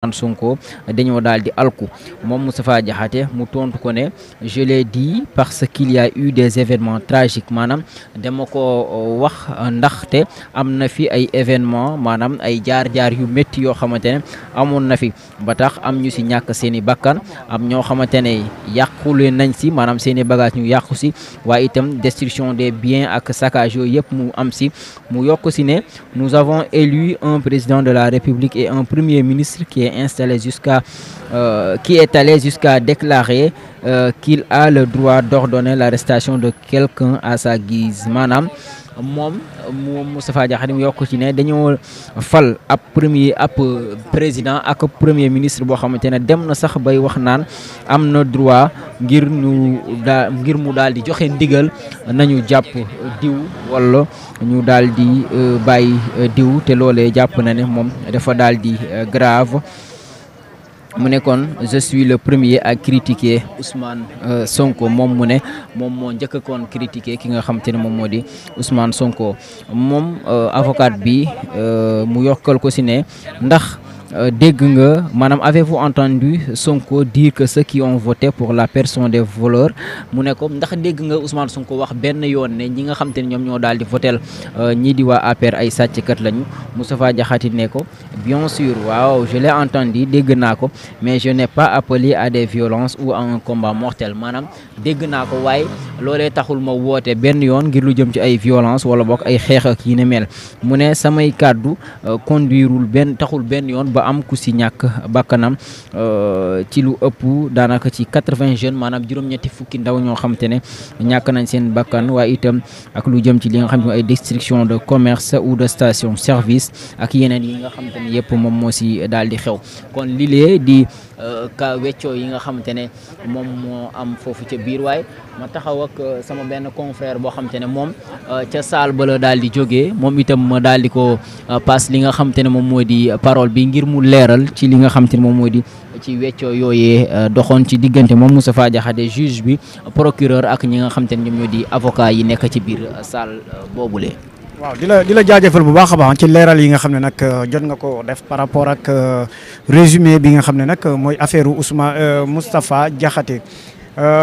Ousmane Sonko dañoo daal di alku moom Moustapha Diakhaté mu tontu ko ne je l'ai dit parce qu'il y a eu des événements tragiques maanaam dama ko euh, wax ndaxte am na fi ay événements maanaam ay jaar-jaar yu métti yoo xamante ne amoon na fi ba tax am ñu si ñàkk seen i bakkan am ñoo xamante ne yàqule nañ si maanaam seen i bagage ñu yàqu si waaye itam destruction des biens ak saccage yooyu yëpp mu am si mu yokk si ne nous avons élu un président de la République et un premier ministre s'est installé jusqu'à euh, qui est allé jusqu'à déclarer euh, qu'il a le droit d'ordonner l'arrestation de quelqu'un à sa guise maanaam moom mu Moustapha Diakhaté mu yokk ci ne dañoo fal ab premier ab président ak premier ministre boo xamante ne dem na sax bay wax naan am na droit ngir mu daal di joxe ndigal nañu jàpp diw wala ñu daal di euh, bàyyi euh, diw te loole jàpp na ne moom dafa daal di euh, grave mu ne kon je le premier à critiquer Ousmane euh, Sonko moom mu ne moom moo njëkk kon critiquer ki nga xam te ne moom moo di Ousmane Sonko moom euh, avocat bi euh, mu yokkal ko si ne ndax. Euh, dégg nga maanaam avez-vous entendu Sonko dire que ceux qui ont pour la personne des voleurs mu ne ko ndax dégg nga Ousmane Sonko wax benn yoon ne ñi nga xam ne ñoom ñoo daal di votel euh, ñii di waa APR ay sàcckat lañu Moustapha Diakhaté ne ko bien sûr waaw je l'ai entendu dégg naa ko mais je n'ai pas appelé à des violences ou à combat mortel maanaam dégg naa ko waaye loole taxul ma woote benn yoon ngir lu jëm ci ay violence wala bokk ay xeex ak yi ne mel mu ne samay kàddu euh, conduirul benn taxul benn yoon ba am ku si ñàkk bakkanam euh, ci lu ëpp daanaka ci quatre vingt jeunes maanaam juróom-ñetti fukki ndaw ñoo xamante ne ñàkk nañ seen bakkan waaye itam ak lu jëm ci li nga xam ne ay destruction de commerce ou de station service ak yeneen yi nga xamante ne yëpp moom moo si daal di xew kon lilee di ka weccoo yi nga xamante ne moom moo am foofu ca biir waay ma taxaw ak euh, sama benn confrère boo xamante ne moom euh, ca saal ba la daal di jóge moom itam ma daal di ko euh, paas li nga xamante ne moom moo di parole bi ngir mu leeral ci li nga xamante ne moom moo di ci weccoo yooyee doxoon ci diggante moom Moustapha Diakhaté juge bi procureur ak ñi nga xamante ne ñoom ñoo di avocat yi nekk ci biir saal boobule. waaw di la di la jaajëfal bu baax a baax ci leeral yi nga xam ne nag euh, jot nga ko def par rapport ak euh, résumé bi nga xam ne nag mooy affaire Ousmane euh, Moustapha Diakhaté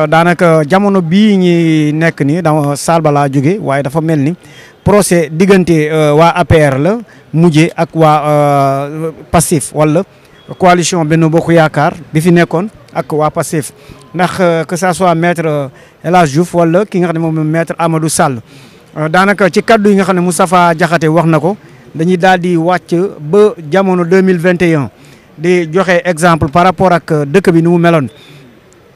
daanaka jamono bii ñi nekk nii da saal ba jóge waaye dafa mel ni procès diggante waa APR la mujje ak waa Pastef wala coalition Benno Bokk Yaakaar bi fi nekkoon ak waa Pastef ndax que ça soit maître El Hadj Diouf wala ki nga xam ne moom maître Amadou Sall Euh, daanaka ci kaddu yi nga xam ne Moustapha Diakhaté wax na ko dañuy daal di wàcc ba jamono 2021 di joxe exemple par rapport ak euh, dëkk bi ni mu meloon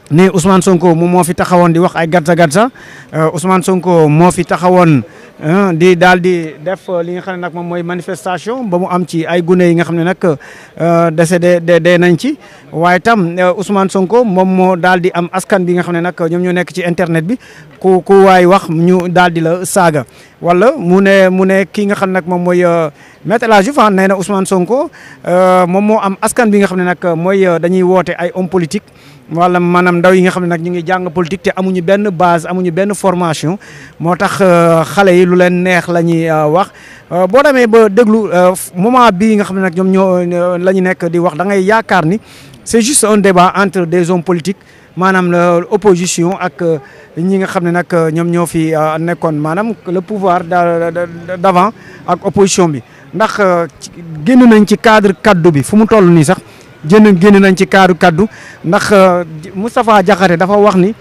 ni Ousmane Sonko moom moo fi taxawoon di wax ay gatsa gatsa euh, Ousmane Sonko moo fi taxawoon di daal di def euh, li nga xam ne nag moom mooy manifestation ba mu am ci ay gune yi nga xam ne nag euh, décédé dee nañ ci waaye tam euh, Ousmane Sonko moom moo daal di am askan bi nga xam ne nag ñoom ñoo nekk ci internet bi ku ku waay wax ñu daal di la saaga wala mu ne mu ne kii nga xam nag moom mooy euh, maître El Hadj Diouf ah, nee na Ousmane Sonko euh, moom moo am askan bi nga xam ne nag euh, mooy dañuy woote ay homme politique. walla maanaam ndaw yi nga xam ne nag ñu ngi jàng politique te amuñu benn base amuñu benn formation moo tax xale yi lu leen neex la ñuy wax boo demee ba déglu moment bii nga xam ne nag ñoom ñoo la ñu nekk di wax da ngay yaakaar ni c'est juste un débat entre des hommes politiques. maanaam la opposition ak euh, ñi nga xam ne nag euh, ñoom ñoo fi euh, nekkoon maanaam le pouvoir d'avant ak opposition bi ndax génn nañ ci cadre kaddu bi fu mu toll nii sax génn génn nañ ci cadre kaddu ndax Moustapha Diakhaté dafa wax ni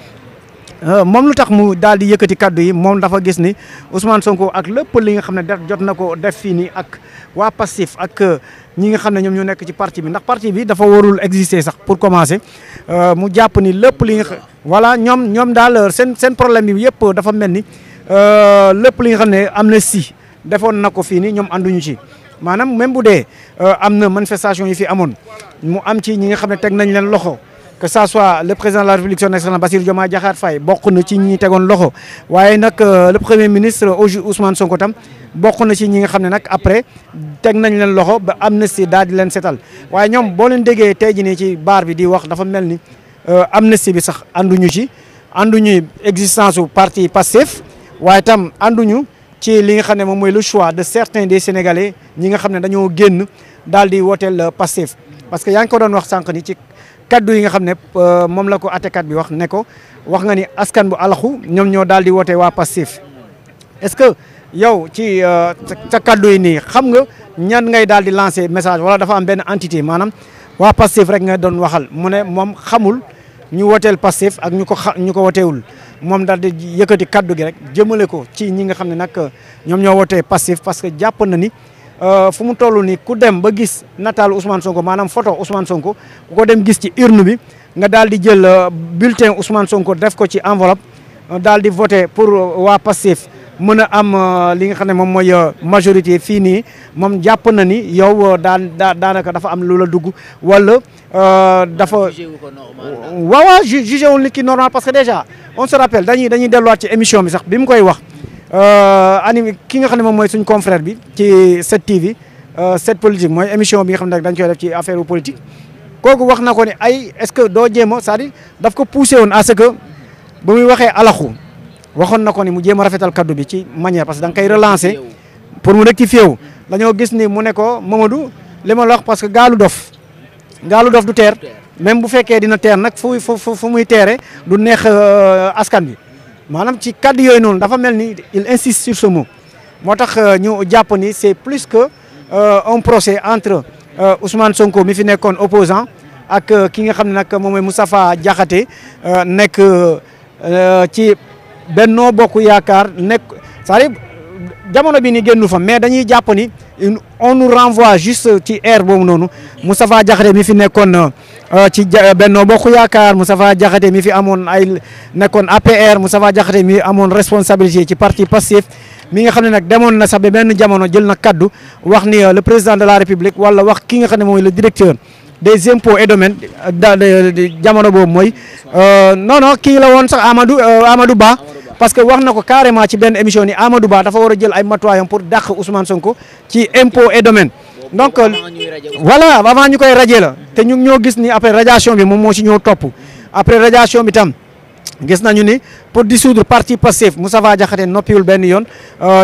Euh, moom lu tax mu daal di yëkkati kaddu yi moom dafa gis ni Ousmane Sonko ak lépp li nga xam ne def jot na ko def fii nii ak waa Pastef ak euh, ñi nga xam ne ñoom ñoo nekk ci parti bi ndax parti bi dafa warul exister sax pour commencer euh, mu jàpp ni lépp li nga xam voilà ñoom ñoom daal seen seen problème bi yëpp dafa mel ni lépp li nga xam ne si defoon na ko fii nii ñoom ànduñu ci maanaam même bu dee am na manifestation yi fi amoon mu am ci ñi nga xam ne teg nañ leen loxo. que ça soit le président de la République son excellence Bassirou Diomaye Diakhar Faye bokk ci ñi tegoon loxo waaye nag euh, le premier ministre aujourd'hui Ousmane Sonko tam bokk na ci ñi nga xam ne nag après teg nañ leen loxo ba amnistie daal di leen setal waaye ñoom boo leen déggee tey jii nii ci baar bi di wax dafa mel ni euh, amnistie bi sax ànduñu ci ànduñu existence su parti Pastef waaye tam ànduñu ci li nga xam ne moom mooy le choix de certains des sénégalais ñi nga xam ne dañoo génn daal di wooteel Pastef parce que yaa ngi ko doon wax sànq ni ci. kaddu yi nga xam ne euh, moom la ko àttekat bi wax ne ko wax nga ni askan bu alaxu ñoom ñoo daal di woote waa Pastef est-ce que yow ci euh, ca kaddu yi nii xam nga ñan ngay daal di lancer message wala dafa am benn entité maanaam waa Pastef rek nga doon waxal mu ne moom xamul ñu wooteel Pastef ak ñu ko xa ñu ko woteewul moom daal di yëkkati kaddu gi rek jëmale ko ci ñi nga xam ne nag euh, ñoom ñoo wootee Pastef parce que jàpp na ni. Euh, fu mu toll nii ku dem ba gis nataalu Ousmane Sonko maanaam photo Ousmane Sonko ku ko dem gis ci urne bi nga daal di jël euh, bulletin Ousmane Sonko def ko ci enveloppe euh, daal di voté pour waa Pastef mën a am li nga xam ne moom mooy majorité fii nii moom jàpp na ni yow daan daanaka dafa am lu la dugg wala dafa. waaw waaw jugé wul nit ki normal parce que déjà on se rappelle dañuy dañuy delluwaat ci émission bi sax bi mu koy wax. Euh, anim ki nga xam ne moom mooy suñu confrère bi ci 7TV euh, set politique mooy émission bi nga xam ne nag dañ koy def ci affaire politique. kooku wax na ko ne ay est-ce que doo jéem a daf ko poussé woon à ce que muy waxee alaxu waxoon na ko ni mu jéem a rafetal kaddu bi ci manière parce que nga koy relancer pour mu rectifier wu. dañoo gis ni mu ne ko Mamadou li la wax parce que gaalu dof gaalu dof du teer même bu fekkee dina teer nag fu fu fu muy teere du neex euh, askan bi. maanaam ci kàddu yooyu noonu dafa mel ni il insiste sur ce moo tax euh, ñu jàpp ni c'est plus que euh, un procès entre euh, Ousmane Sonko mi fi nekkoon opposant ak ki nga xam ne nag moom mooy Moustapha Diakhaté nekk ci Benno Bokk Yaakaar nekk cest à jamono bi ni génnu fa mais dañuy jàpp ni on nous renvoie juste ci air boobu noonu mu Moustapha Diakhaté mi fi nekkoon euh, ci euh, benn Bokk Yaakaar mu Moustapha Diakhaté mi fi amoon ay nekkoon APR Moustapha Diakhaté mi amoon responsabilité ci parti Pastef mi nga xam ne nag demoon na sax ba benn jamono jël na kaddu wax ni euh, le président de la république wala wax ki nga xam ne mooy la directeur des impôts et domaines euh, da jamono boobu mooy euh, non non kii la woon sax amadu euh, amadu Ba parce que wax na ko carrément ci benn émission ni Amadou Ba dafa war a jël ay matuwaayam pour dàq Ousmane Sonko ci impôts et domaines. donc wala avant ñu koy radier la te ñu ñoo gis ni après radiation bi moom moo ci ñoo topp après radiation bi tam. gis nañu ni pour dissoudre parti Pastef Moustapha Diakhaté noppiwul benn yoon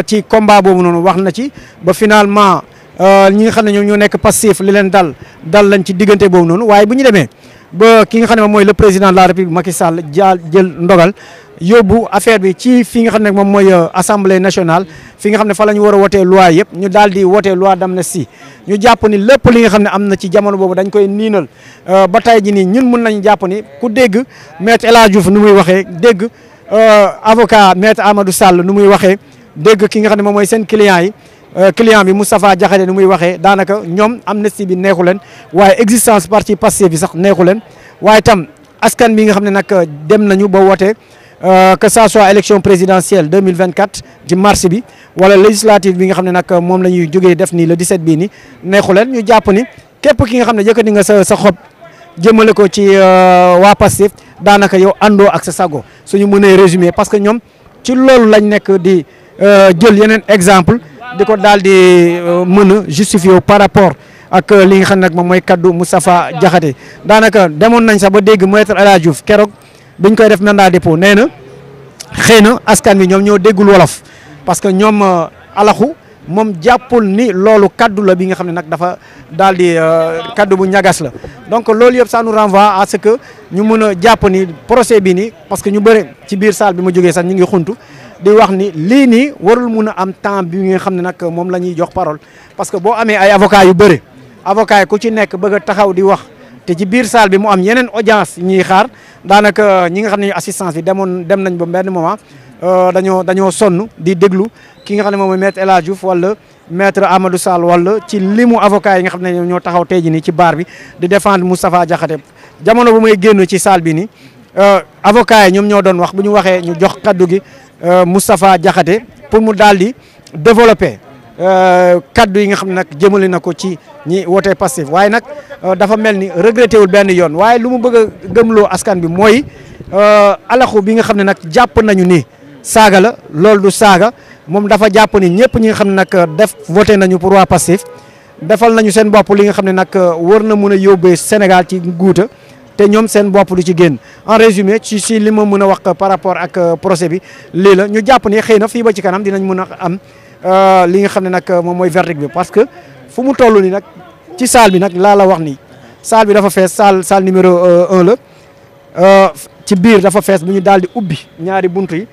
ci combat boobu noonu wax na ci ba finalement. Euh, ñi nga xam ne ñoom ñoo nekk passif li leen dal dal lañ ci diggante boobu noonu waaye bu ñu demee ba ki nga xam ne moom mooy le président de la république Macky Sall jaal jël ndogal yóbbu affaire bi ci fi nga xam ne moom mooy euh, assemblée nationale fi nga xam ne fa la ñu war a wotee loi yëpp ñu daal di wotee loi d'amnistie ñu jàpp ni lépp li nga xam ne am na ci jamono boobu dañ koy niinal euh, ba tey ji nii ñun mun nañu jàpp ni ku dégg maître El Hadj Diouf nu muy waxee dégg avocat maître Amadou Sall nu muy waxee dégg ki nga xam ne moom mooy seen client yi Euh, client bi Moustapha Diakhaté ni muy waxee daanaka ñoom amnistie bi neexu leen waaye existence parti Pastef bi sax neexu leen waaye tam askan bi nga xam ne nag euh, dem nañu ba woote euh, que ça soit élection présidentielle 2024 ci mars bi wala législative bi nga xam ne nag moom la ñuy jógee def nii le 17 bii nii neexu leen ñu jàpp ni képp ki nga xam ne yëkkati nga sa sa xob jëmale ko ci waa Pastef daanaka yow àndoo ak sa sago suñu mënee résumer parce que ñoom ci loolu lañ nekk di jël yeneen exemple di ko daal di euh, mën a justifier par rapport ak euh, li nga xam ne nag moom mooy kaddu Moustapha Diakhaté daanaka demoon nañ sax ba dégg maître El Hadj Diouf keroog biñ koy def mandat dépôt nee na xëy na askan wi ñoom ñoo déggul wolof parce que ñoom euh, alaxu moom jàppul ni loolu kaddu la bi nga xam ne nag dafa daal di kaddu bu ñagas la donc loolu yëpp ça nous renvoie à ce que ñu mën a jàpp ni procès bi nii parce que ñu bëri ci biir salle bi ma jógee sax ñu ngi xuntu di wax ni lii nii warul mun a am temps bi nga xam ne nag moom la ñuy jox parole parce que boo amee ay avocat yu bëri avocat yi ku ci nekk bëgg a taxaw di wax te ci biir salle bi mu am yeneen audience ñuy xaar daanaka ñi nga xam ne assistance bi demoon dem nañ ba benn moment euh, dañoo dañoo sonn di déglu ki nga xam ne moom mooy maître El Hadj Diouf wala metre Amadou Sall wala ci limu avocat yi nga xam ne ñoo taxaw tey jii nii ci baar bi di défendre Moustapha Diakhaté jamono bu may génn ci salle bi nii euh, avocat yi ñoom ñoo doon wax bu ñu waxee ñu jox kaddu gi Euh, Moustapha Diakhaté pour mu daal di développer euh, kaddu yi nga xam ne nag jëmale na ko ci ñi wootee Pastef waaye nag euh, dafa mel ni regretté wul benn yoon waaye lu mu bëgg a gëmloo askan bi mooy alaxu bi nga xam ne nag jàpp nañu ni saaga la loolu du saaga moom dafa jàpp ni ñëpp ñi nga xam ne nag def voté nañu pour waa Pastef defal nañu seen bopp li nga xam ne nag war na mun a yóbbee Sénégal ci guuta te ñoom seen bopp du ci génn en résumé ci si li ma mën a wax par rapport ak euh, procès bi lii la ñu jàpp ne xëy na fii ba ci kanam dinañ mën a am euh, li nga xam ne nag euh, moom mooy verdict bi parce que fu mu toll nii nag ci saal bi nag laa la wax nii salle bi dafa fees salle salle numéro un la ci biir dafa fees bu ñu daal di ubbi ñaari buntu yi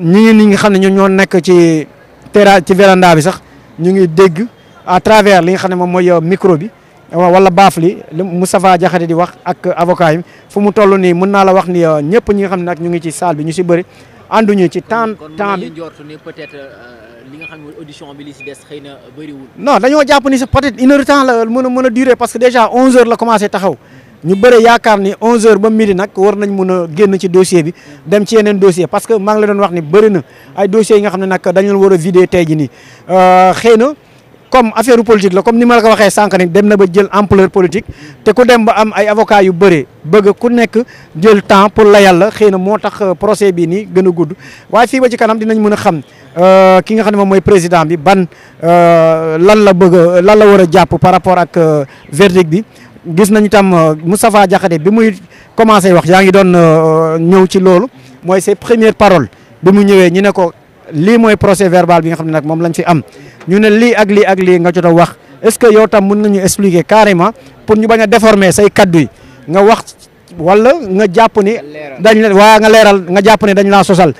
ñi ñi nga xam ne ñu ñoo nekk ci terrain ci véranda bi sax ñu ngi dégg à travers li nga xam ne moom mooy micro bi wala baaf li Moustapha Diakhaté di wax ak avocat yi fu mu toll nii mën naa la wax ni euh, ñëpp ñi nga xam ne nag ñu ngi ci salle bi ñu si bëri ànduñu ci temps temps bi euh, li nga xam bi li xëy na bëriwul. non dañoo jàpp ni sax peut-être une heure de temps la mën a mën a durer parce que déjà 11h la commencé taxaw ñu bëre yaakaar ni 11h ba midi nag war nañ mun a génn ci dossier bi dem ci yeneen dossier parce que maa ngi la doon wax ni bëri na ay dossiers yi nga xam ne nag dañu leen war a vidé tey jii nii euh, xëy na. comme affaire politique la comme ni ma la ko waxee sànq ni dem na ba jël ampleur politique te ku dem ba am ay avocat yu bëri bëgg ku nekk jël temps pour la yàlla xëy na moo tax euh, procès bii nii gën a gudd waaye fii ba ci kanam dinañ mën a xam euh, ki nga xam ne moom mooy président bi ban euh, lan la bëgg lan la war a jàpp par rapport ak verdict bi gis nañu tam Moustapha Diakhaté bi muy commencé wax yaa ngi doon ñëw ci loolu mooy ses premières paroles bi mu ñëwee ñu lii mooy procès verbal bi nga xam ne nag moom lañ fi am ñu ne lii ak lii ak lii nga jot a wax est-ce que yow tam mën nga ñu expliquer carrément pour ñu bañ a déformer say kaddu yi nga wax wala nga jàpp ni dañ la sosal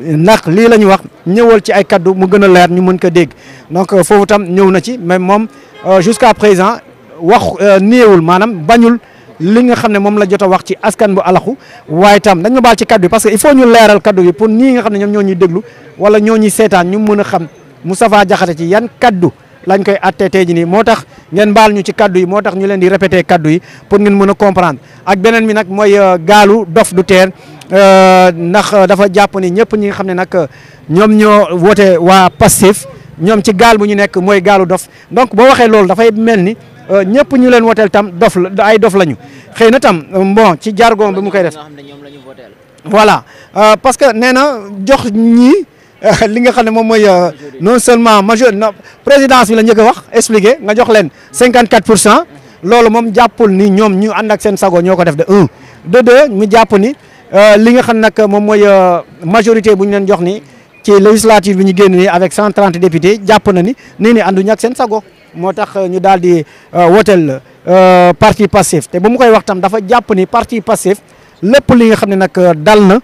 ndax lii la ñu wax ñëwal ci ay kaddu mu gën a leer ñu mën ko dégg donc foofu tam ñëw na ci mais moom euh, jusqu'à présent wax euh, néewul maanaam bañul li nga xam ne moom la jot a wax ci askan bu alaxu waaye tam dañ ma baal ci kaddu yi parce que il faut ñu leeral kaddu yi pour ñii nga xam ne ñoom ñoo ñuy ñoo ñuy seetaan ñu mën a xam Moustapha Diakhaté ci yan kaddu lañ koy attee ji nii moo tax ngeen baal ñu ci kaddu yi moo tax ñu leen di répété kaddu yi pour ngeen mën a comprendre ak beneen nag mooy euh, gaalu dof du teer euh, ndax euh, dafa jàpp ni ñëpp ñi nga xam ne nag ñoom ñoo woote waa Pastef ñoom ci gaal bu ñu nekk mooy gaalu dof donc boo waxee loolu dafay mel ni Euh, ñëpp ñu leen woteel tam dof la ay dof lañu xëy na tam euh, bon ci jargon bi mu koy def voilà euh, parce que nee na jox ñii li nga xam ne moom mooy non seulement major présidence bi la njëkk a wax expliqué nga jox leen 54 pour cent loolu moom jàppul ni ñoom ñu ànd ak seen sago ñoo ko def de un de deux mu jàpp li nga xam nag moom mooy majorité bu ñu leen jox ni ci législative bi ñu génn nii avec 130 députés jàpp na ni nii ni ànduñu ak seen sago moo tax euh, ñu daal di euh, woteel euh, parti passif te ba mu koy wax dafa jàpp ni parti passif lépp li nga xam ne nag dal na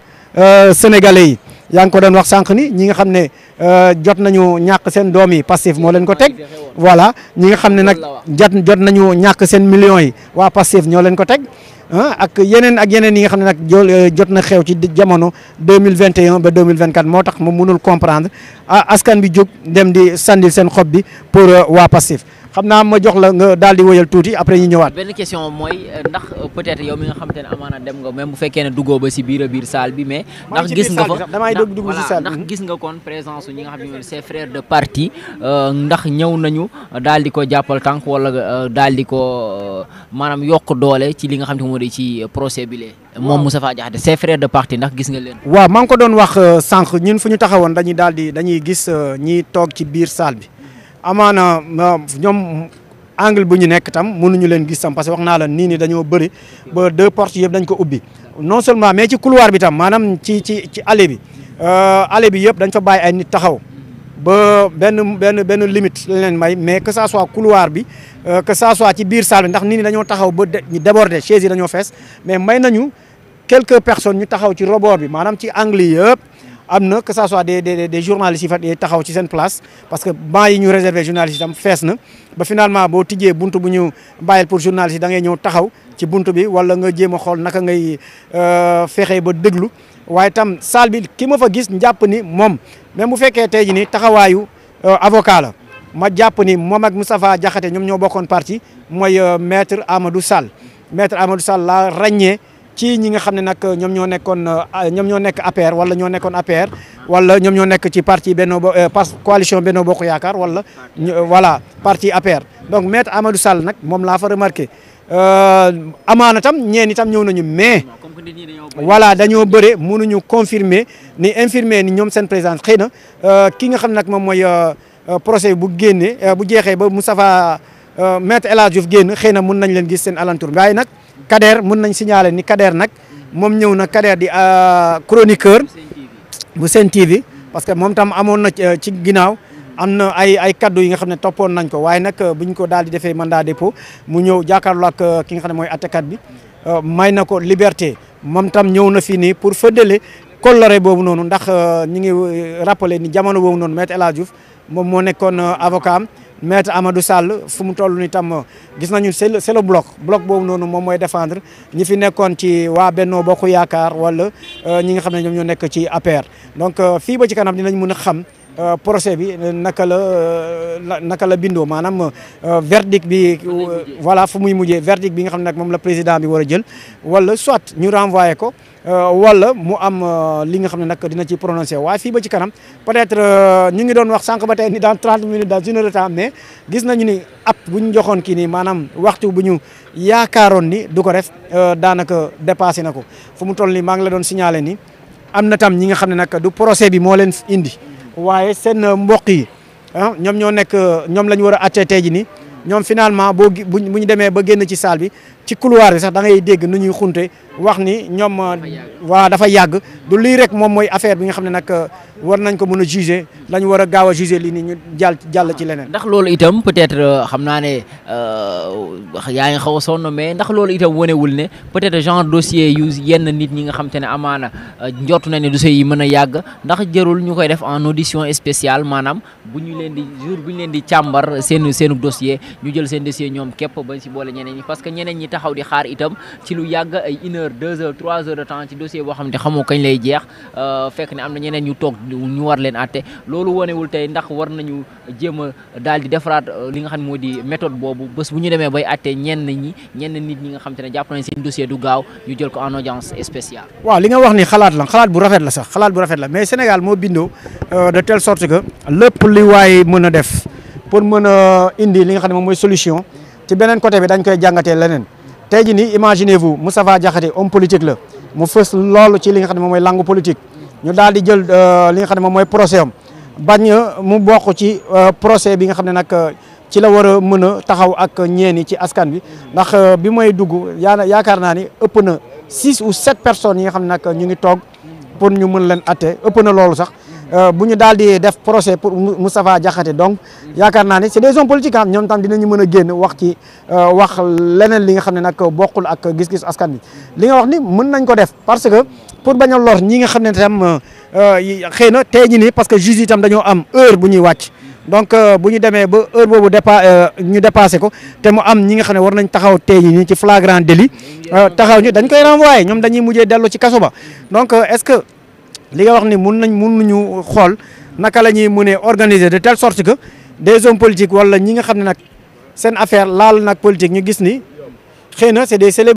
sénégalais yi. yaa ngi ko doon wax sànq ni ñi nga xam ne euh, jot nañu ñàkk seen doom yi Pastef moo leen ko teg voilà ñi nga xam ne nag jot jot nañu ñàkk seen millions yi waa Pastef ñoo leen ko teg ak yeneen ak yeneen yi nga xam ne nag euh, jot na xew ci jamono 2021 ba 2024 moo tax mu mënul comprendre ah, askan bi jóg dem di sandil seen xob bi pour euh, waa Pastef xam naa ma jox la nga daal di wëyal tuuti après ñu ñëwaat. benn question mooy ndax peut-être yow mi nga xam te ne amaana dem nga même bu fekkee ne duggoo ba si biir a biir salle bi mais. ndax gis nga fa ndax gis nga kon présence ñi nga xam ne ses frères de parti euh, ndax ñëw nañu euh, daal di ko jàppal tànk wala euh, daal di ko maanaam yokk doole ci li nga xam te moo di ci procès bi lee moom Moustapha Diakhaté ses frères de parti ndax gis nga leen. waa maa ko doon wax sànq ñun fu ñu taxawoon dañuy daal di dañuy gis ñi toog ci biir salle bi amaana ñoom angle bu ñu nekk tam mun mënuñu leen gistam tam parce wax naa la nii ni dañoo bëri ba deux portes yëpp dañ ko ubbi non seulement mais ci couloir bi tam maanaam ci ci ci allée bi euh, ale bi yëpp dañ fa bàyyi ay nit taxaw ba benn benn benn limite lañ leen may mais que ça soit couloir bi euh, que ça soit ci biir salle bi ndax nit ñi dañoo taxaw ba ñu déborder chaise yi dañoo fees mais may nañu quelque personnes ñu taxaw ci rebord bi maanaam ci angle yi yëpp am na que ça soit des des des journalistes yi taxaw ci seen place parce que banc yi ñu réservé journalistes itam fees na ba finalement boo tijjee buntu bu ñu bàyyil pour journalistes yi da ngay ñëw taxaw ci buntu bi wala nga jéem a xool naka ngay euh, fexe ba déglu waaye tam salle bi ki ma fa gis njàpp ni moom même bu fekkee tey jii ni taxawaayu euh, avocat la ma jàpp ni moom ak Moustapha Diakhaté ñoom ñoo bokkoon parti mooy euh, maître Amadou sal maître Amadou Sall laa ràññee. ci ñi nga xam ne nag ñoom ñoo nekkoon euh, ñoom ñoo nekk APR wala ñoo nekkoon APR wala ñoom ñoo nekk ci parti Benno euh, coalition benn Bokk Yaakaar wala euh, voilà parti APR donc maître Amadou Sall nag moom laa fa remarqué amaana tam ñeen itam ñëw nañu mais voilà dañoo bëre ñu confirmer ni infirmer ni ñoom seen présence xëy na ki nga xam ne nag moom mooy procès bu génnee bu jeexee ba Moustapha maître El Hadj Diouf génn xëy na mun nañ leen gis seen alentour waaye nag Kader mun nañ signaler ni Kader nag moom ñëw na Kader di euh, chroniqueur bu Sen TV parce que moom tam amoon na euh, ci ginnaaw am na ay ay kaddu yi nga xam ne toppoon nañ ko waaye nag euh, bu ñu ko daal di defee daa depo mu ñëw jàkkaarloo ak ki nga xam ne mooy attakat bi may na ko liberté moom tam ñëw na fii nii pour fëddale coloré boobu noonu ndax ñi ngi rappelé ni jamono boobu noonu Maître El Hadji Diouf moom moo nekkoon avocat maître Amadou Sall fu mu toll nii tam gis nañu c'est le c'est le bloc boobu noonu moom mooy défendre ñi fi nekkoon ci waa Benno Bokk Yaakaar wala euh, ñi nga xam ne ñoom ñoo nekk ci APR donc euh, fii ba ci kanam dinañ mën a xam. Euh, procès bi euh, naka euh, la naka la bindoo maanaam verdict bi voilà fu muy mujjee verdict bi nga xam ne nag moom la président bi war a jël wala soit ñu renvoyé ko wala mu am li nga xam ne nag dina ci prononcé waaye fii ba ci kanam peut-être ñu ngi doon wax sànq ba tey ni dans trente minutes dans une heure mais gis nañu ni at bu ñu joxoon kii nii maanaam waxtu bu ñu yaakaaroon ni du ko def daanaka dépassé na ko fu mu toll nii maa ngi la doon signalé ni am na tam ñi nga xam ne nag du procès bi moo leen indi waaye seen euh, mbokk yi ah ñoom ñoo nekk euh, ñoom la ñu war a àtte tey ji ni ñoom finalement boo bu ñu demee ba génn ci saal bi ci couloir bi sax da dégg nu ñuy xunte wax ni ñoom waa euh, dafa yàgg du lii rek moom mooy affaire bi nga xam ne nag euh, war nañ ko mën a juger la ñu war a gaaw a juger lii nii ñu jàll jàll ci leneen. ndax loolu itam peut-être euh, xam naa ne yaa ngi xaw a sonn mais ndax loolu itam wanewul ne peut-être genre dossier yu yenn nit ñi nga xam te ne amaana njort na ne dossier yi mën a yàgg ndax jërul ñu koy def en audition spéciale maanaam bu ñu leen di jour bu ñu leen di càmbar seen seen dossier ñu jël seen dossier ñoom képp bañ si boole ñeneen ñi parce que ñeneen ñi taxaw di xaar itam ci lu yàgg ay une heure deux heures trois heures de temps ci dossier boo xam ne xamoo kañ lay jeex euh, fekk ne am na ñeneen ñu toog ñu war leen àtte loolu wonewul tey ndax war nañu jéem a daal di defaraat euh, li nga xam ne moo di méthode boobu bés bu ñu demee bay àtte na ñi ñenn nit ñi nga xam te ne jàpp nañ seen dossier du gaaw ñu jël ko en audience spéciale. waaw li nga wax ni xalaat la xalaat bu rafet la sax xalaat bu rafet la mais Sénégal moo bindoo euh, de telle sorte que lépp li waay mën a li nga xam ne moom mooy solution ci beneen côté bi dañ koy jàngatee leneen tey jii nii imaginez vous Moustapha Diakhaté homme politique la mu fës loolu ci li nga xam ne moom mooy langue politique ñu daal di jël euh, li nga xam ne moom mooy procès am bañ mu bokk ci euh, procès bi nga xam ne nag euh, ci la war a mën a taxaw ak ñeeni ci askan bi ndax bi mooy dugg yaa yaakaar naa ni ëpp na six ou sept personnes yi nga xam ne nag ñu ngi toog pour ñu mën leen atte ëpp na loolu sax Euh, bu ñu daal di def procès pour Moustapha Diakhaté donc yaakaar naa ne c'est des hommes politiques ah ñoom tam dinañu mën a génn wax ci euh, wax leneen li nga xam ne nag bokkul ak gis-gis askan bi li nga wax ni mën nañ ko def parce que pour bañ loor lor ñi nga xam ne tam euh, xëy na tey jii nii parce que juge tam dañoo am heure bu ñu wàcc donc bu ñu demee ba heure boobu dépa ñu dépassé ko te mu am ñi nga xam ne war nañ taxaw tey jii nii ci flagrant délit taxaw ñu dañ koy renvoyé ñoom dañuy mujjee dellu ci kaso ba li nga wax ni mun na mun nañu xool naka la ñuy mënee organiser de telle sorte que des hommes politiques wala ñi nga xam ne nag seen affaire laal nag politique ñu gis ni xëy na c'est des